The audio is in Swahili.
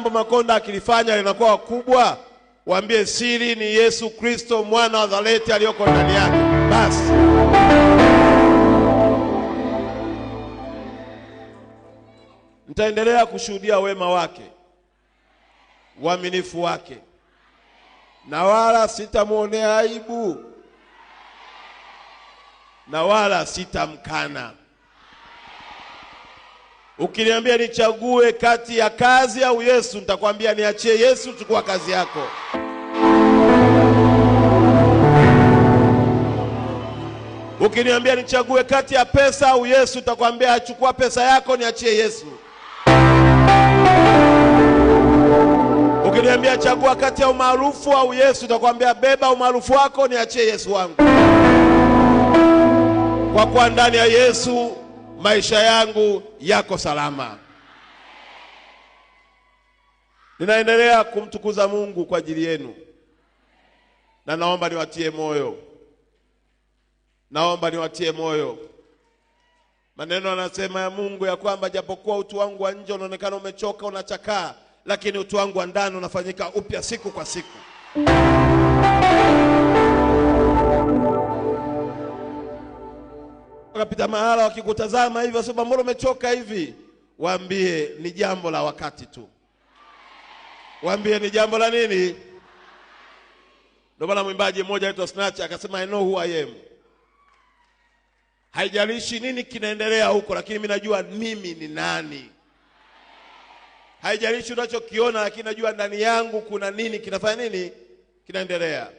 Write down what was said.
jambo Makonda akilifanya linakuwa kubwa, waambie siri ni Yesu Kristo mwana wa Nazareti aliyoko ndani yake. Basi nitaendelea kushuhudia wema wake, uaminifu wake, na wala sitamwonea aibu na wala sitamkana. Ukiniambia nichague kati ya kazi au Yesu, nitakwambia niachie Yesu, chukua kazi yako. Ukiniambia nichague kati ya pesa au Yesu, nitakwambia achukua pesa yako, niachie Yesu. Ukiniambia chagua kati ya umaarufu au Yesu, nitakwambia beba umaarufu wako, niachie Yesu wangu, kwa kuwa ndani ya Yesu maisha yangu yako salama. Ninaendelea kumtukuza Mungu kwa ajili yenu, na naomba niwatie moyo, naomba niwatie moyo. Maneno anasema ya Mungu ya kwamba japokuwa utu wangu wa nje unaonekana umechoka, unachakaa, lakini utu wangu wa ndani unafanyika upya siku kwa siku. wakapita mahala wakikutazama hivi wasema mbona umechoka hivi, waambie ni jambo la wakati tu, waambie ni jambo la nini. Ndio maana mwimbaji mmoja anaitwa Snatch akasema I know who I am, haijalishi nini kinaendelea huko, lakini mimi najua mimi ni nani. Haijalishi unachokiona, lakini najua ndani yangu kuna nini kinafanya nini kinaendelea.